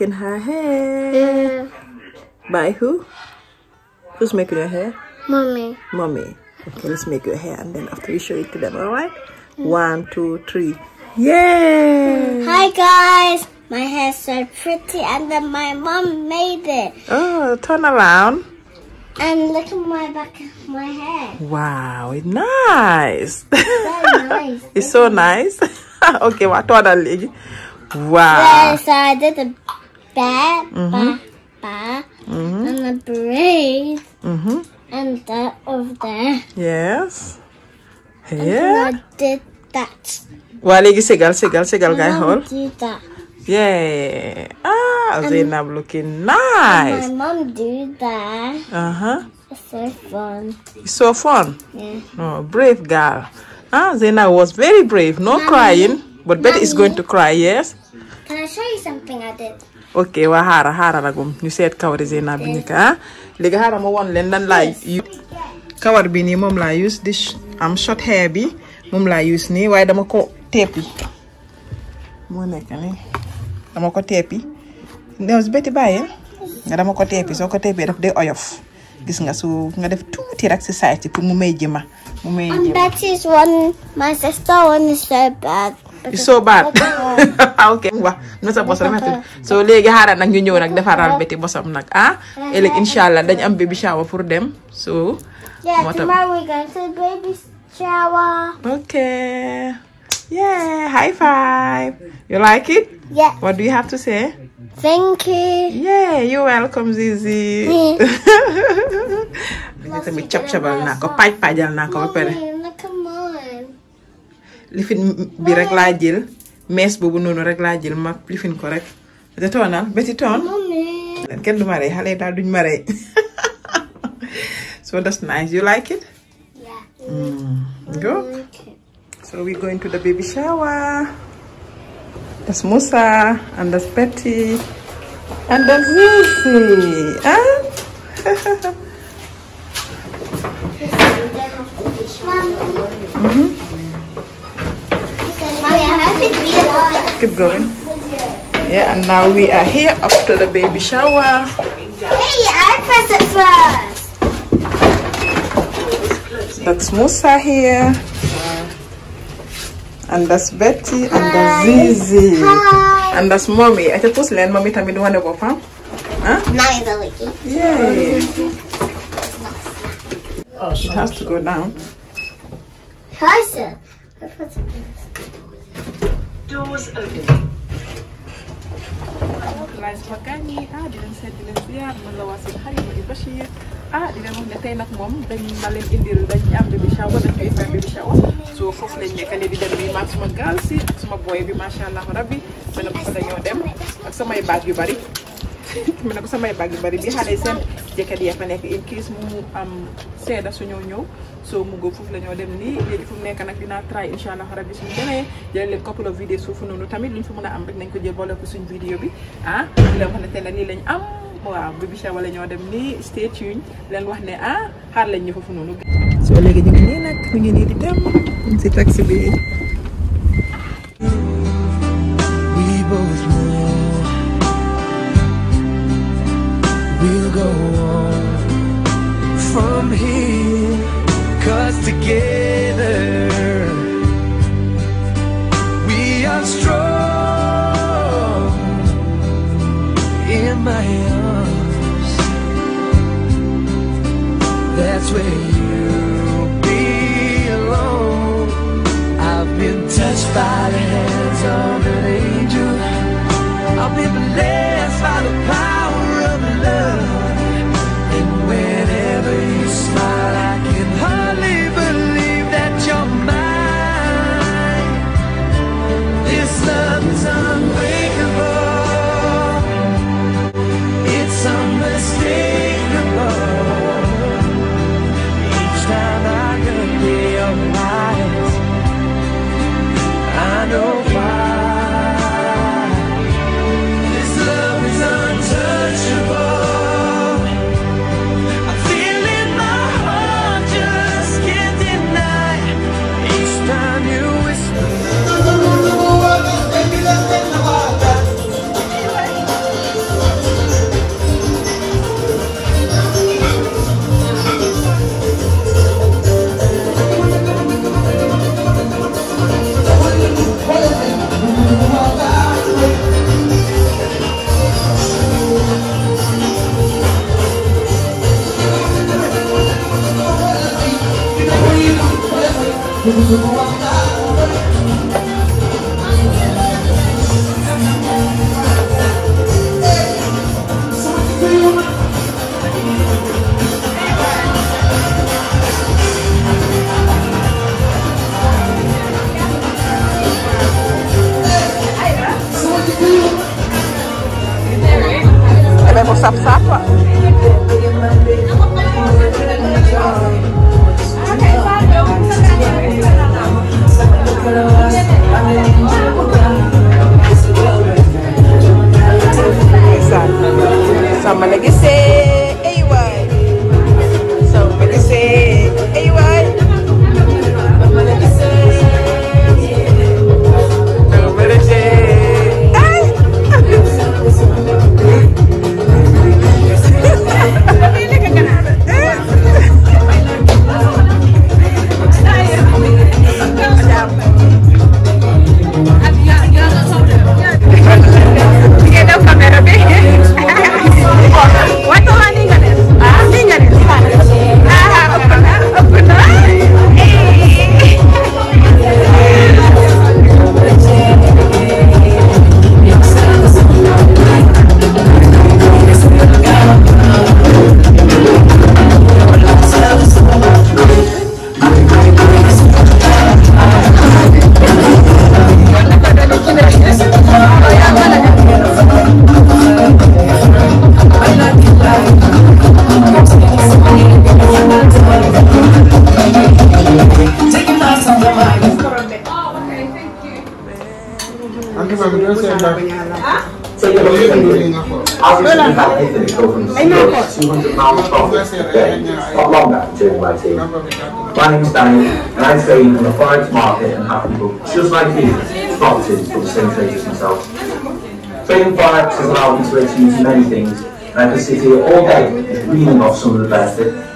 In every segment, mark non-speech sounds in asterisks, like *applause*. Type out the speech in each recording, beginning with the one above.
making her hair. Yeah. By who? Who's making your hair? Mommy. Mommy. Okay, let's make your hair and then after we show it to them, alright? Mm. One, two, three. Yay! Hi guys! My hair's so pretty and then my mom made it. Oh, turn around. And look at my back of my hair. Wow, it's nice. So nice. *laughs* it's so nice. *laughs* okay, what other leg? Wow. Yes, I did a bat, mm -hmm. bat, mm -hmm. and the brave, mm -hmm. and that over there. Yes. yeah. I did that. Waligi segal segal girl, guy girl. did that. Yeah. Ah, Zainab looking nice. my mom did that. Uh huh. It's so fun. It's so fun. Yeah. Oh, brave girl. Ah, Zainab was very brave. No Mommy. crying, but Mommy. Betty is going to cry. Yes. Can I show you something I did? ok waa xaaral xaaralagum ñu seet kawari Zeyna bu njëkk ah léegi xaaral ma won leen lan laay kawar bi nii moom laa use di am short hair bi moom laa use nii waaye dama ko teepi moo dama ko teepi néew si bëti dama ko teepi soo ko teepee daf dee oyof gis nga su nga def tuuti rek si saay si pour mu may jëma mu may that is one my sister one is very bad. it's so bad ok wax na sa bos so léegi xaaral nag ñu ñëw nag defaral beti bosam nag ah ëllëg incha allah dañ am baby shower pour dem so moo tax ok yeah high five you like it what do you have to say thank you yeah you're welcome Zizi *laughs* tamit cap cabal naa ko paaj paajal naa ko ba lifin bi rek laa jël mees boobu noonu rek laa jël ma lifin ko rek te toonal beti toon kenn du mare xale daal duñ mare *laughs* so that's nice you like it yeah mm. good so we're going to the baby shower that's Musa and that's Betty and that's Lucy huh? Ah. *laughs* mm -hmm. Keep going. Yeah, and now we are here after the baby shower. Hey, I press it first. That's Musa here. And that's Betty and that's Zizi. Hi. And that's mommy. I to learn mommy tamid one of papa. Huh? Yay. It has to go down. Hi, sir. doors open. Laaj Makani ah di leen seet leen ziar man la waa seen xarit di Bachir ah di leen wax ne tey nag moom dañ ma leen indil dañ am bi shawa dañ koy fay bi shawa so foofu lañ nekkale di dem nii maag suma gaal si ak suma booy bi macha allah rabbi ma ne ko dañoo dem ak samay baag yu bari. *laughs* mu na ko samay bag yu bari bi xale seen jëkkër ya fa nekk in case mu am seeda su ñëw ñëw soo mu foofu lañoo dem nii léegi fu mu nekk nag dinaa try incha allah rabi suñu demee jëlee leen noonu tamit luñ fi mën a am rek nañ ko jël boole ko suñ bi ah nii lañ am waaw Bibi Show wala ñoo dem ni stay tuned leen wax ne ah xaar lañ ñu foofu noonu. soo léegi ñu ngi nag ñu ngi nii di dem si taxi bi. go on from here, cause together. Thank you. 200 pounds profit per Not long that during my team. My name's Danny, and I trade on the forex market and have people just like you profiting from the same trade as myself. Trading forex has allowed me to achieve many things, and I can sit here all day reading off some of the benefits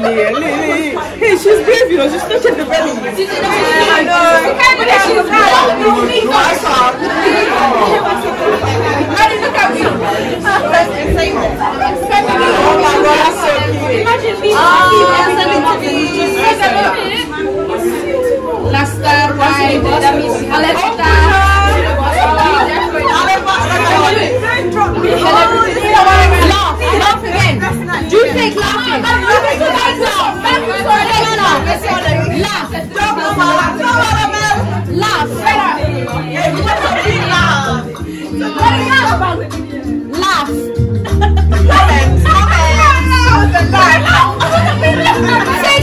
Lily, Hey, she's brave, you know, she's touching the belly. I know. But she's high. No, no. I do you think laughing? Laugh. Laugh. Laugh. Laugh. Laugh. Laugh.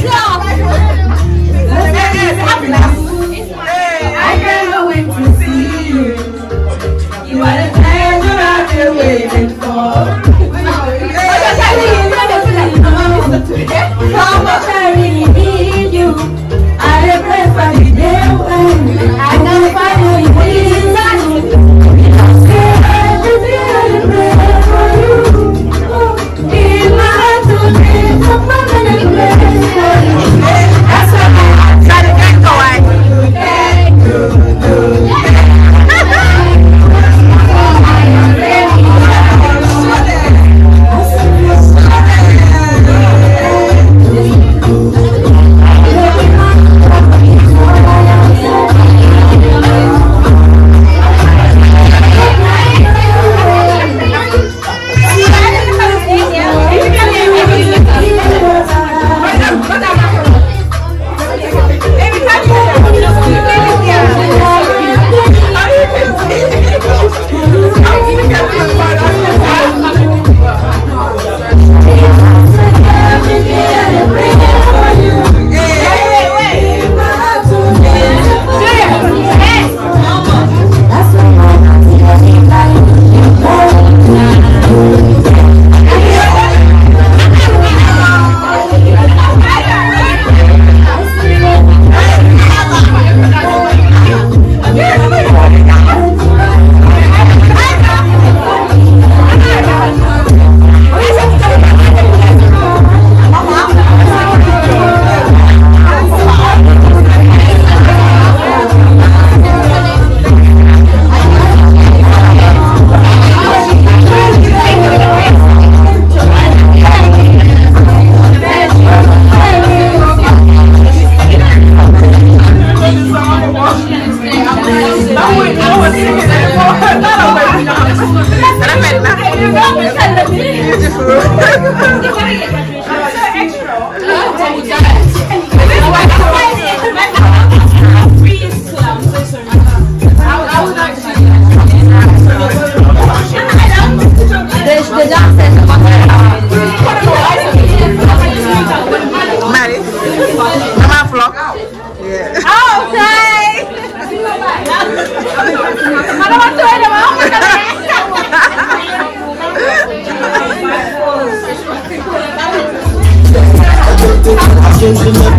doing our things and for her. Not our I'm beautiful. Geen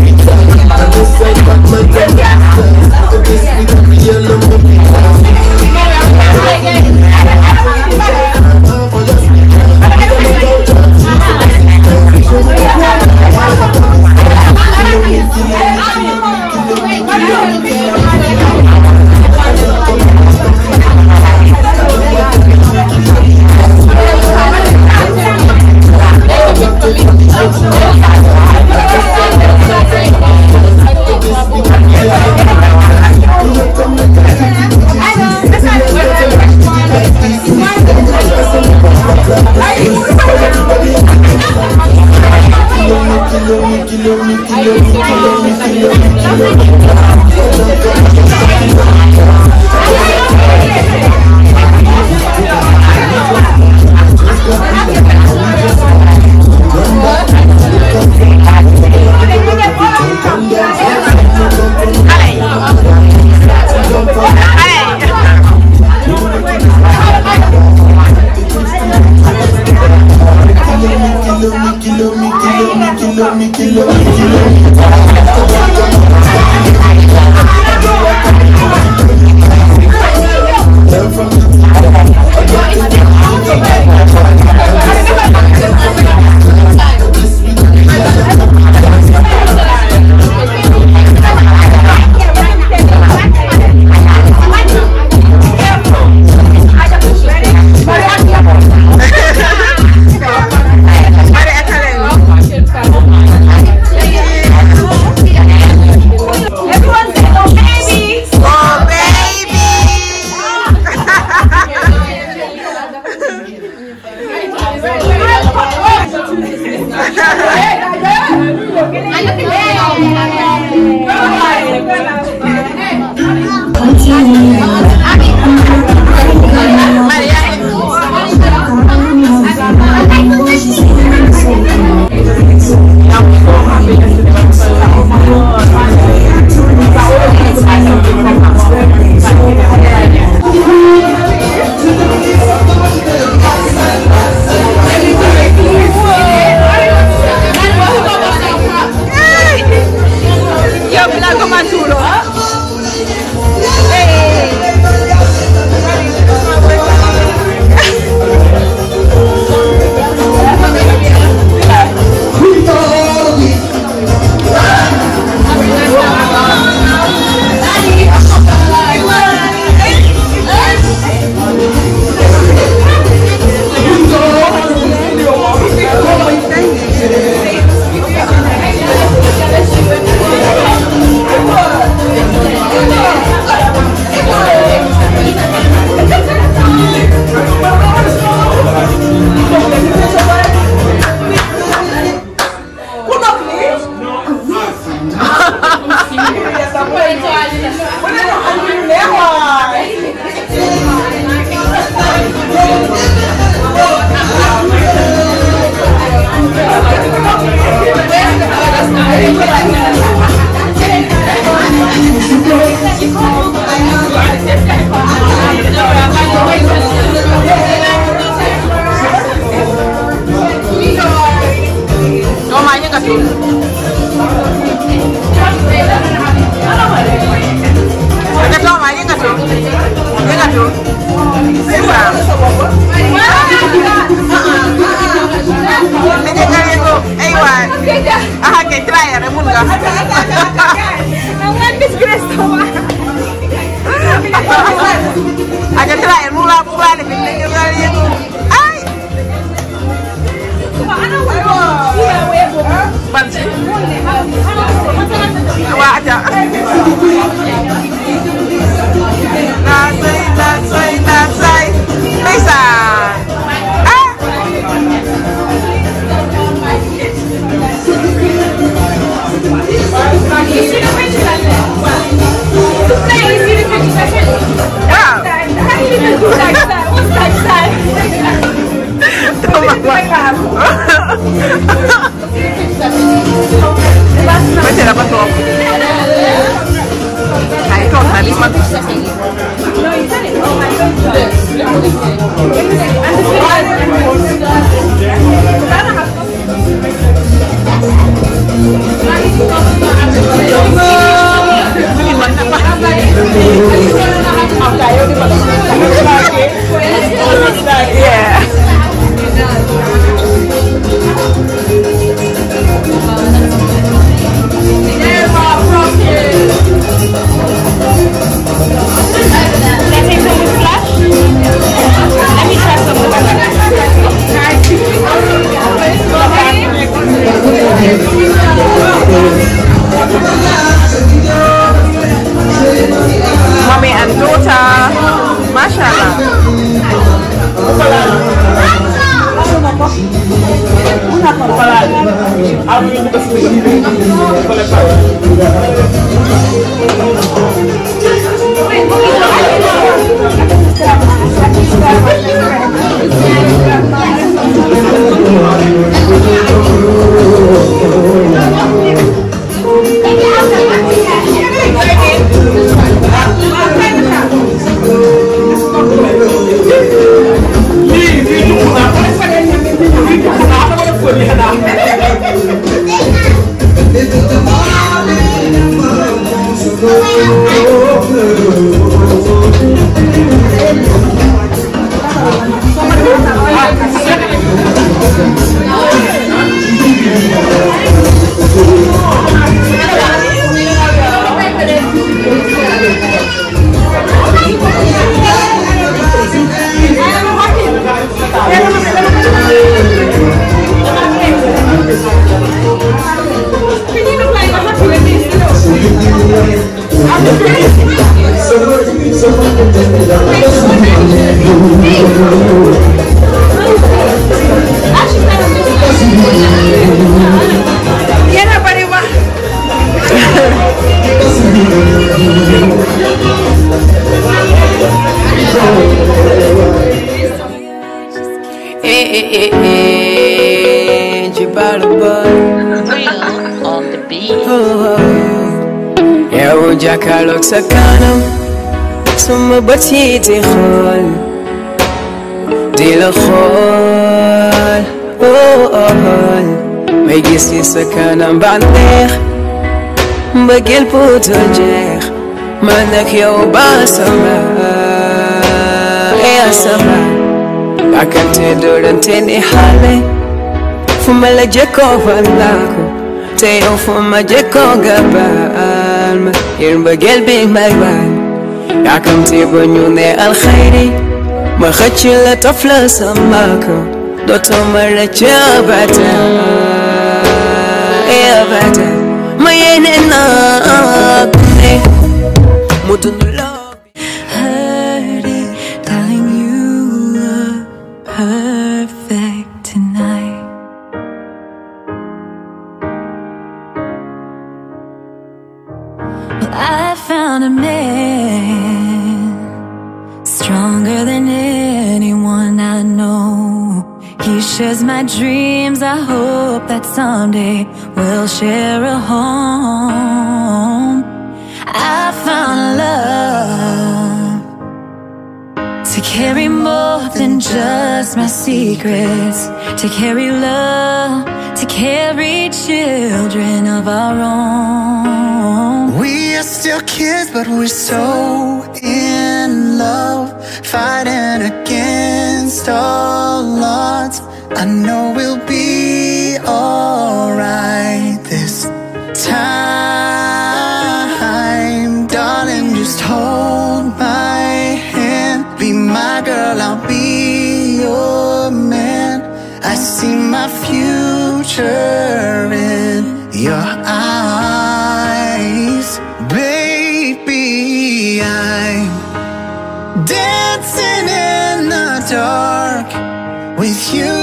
سكانم ثم بتي خال دي لخال او اهال ما يجيسي سكانم بعديخ بقل بوت الجيخ منك يو باسما يا سما لكن تدورن تني حالي فما لجيكو فلاكو تيو فما جيكو قبال Er begel bij mij. Ja, komt hier bij jou nee algeer. Maar gaat je letterlijk los maken. Dat om mijn er te hebben. share a home. I found love to carry more than just my secrets, to carry love, to carry children of our own. We are still kids, but we're so in love, fighting against all odds. I know we'll be all time Darling, just hold my hand Be my girl, I'll be your man I see my future in your eyes Baby, I'm dancing in the dark with you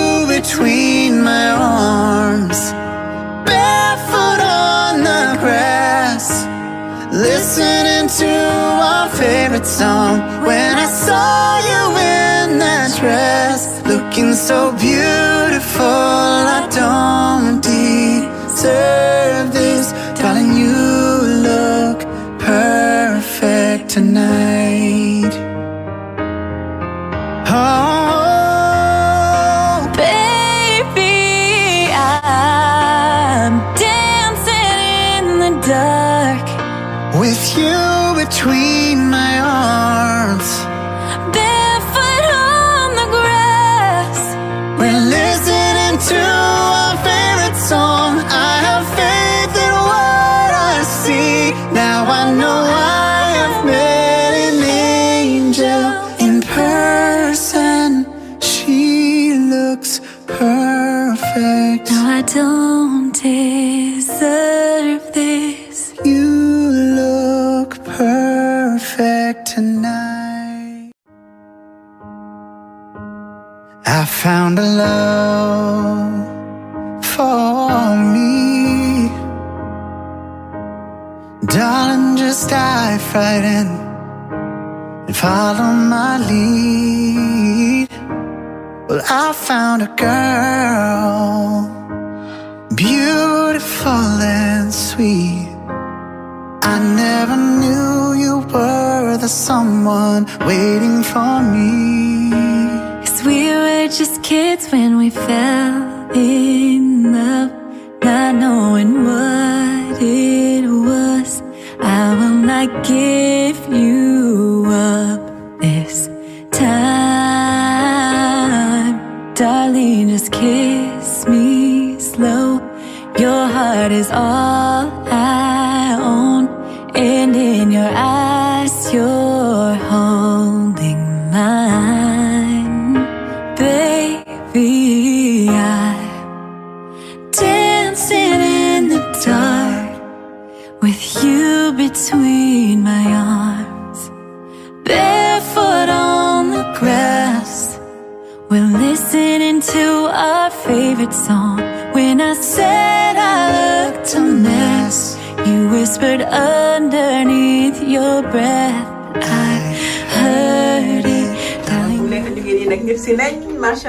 Listening to our favorite song When I saw you in that dress Looking so beautiful found a love for me Darling, just dive right in And follow my lead Well, I found a girl Beautiful and sweet I never knew you were the someone waiting for me in love, not knowing what it was. I will not give.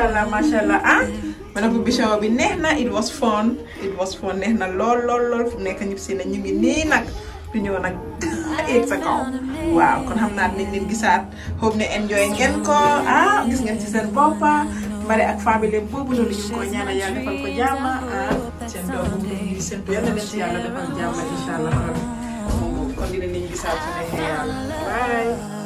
macha allah macha allah ah. ma ne bi neex na it was fun it was fun neex na lool lool lool nekk ñëpp si na ñu ngi nii nag du ñëw nag it *laughs* sa kaw. waaw kon xam naa dinañ leen gisaat hope ne enjoy ngeen ko ah gis ngeen ci seen boppa Mbari ak famille boobu loolu ñu ko ñaanal yàlla defal ko jàmm ah seen doom bu ñu séntu yàlla leen si yàlla defal jàmm incha allah kon dinañ leen gisaat su nekkee yàlla bye.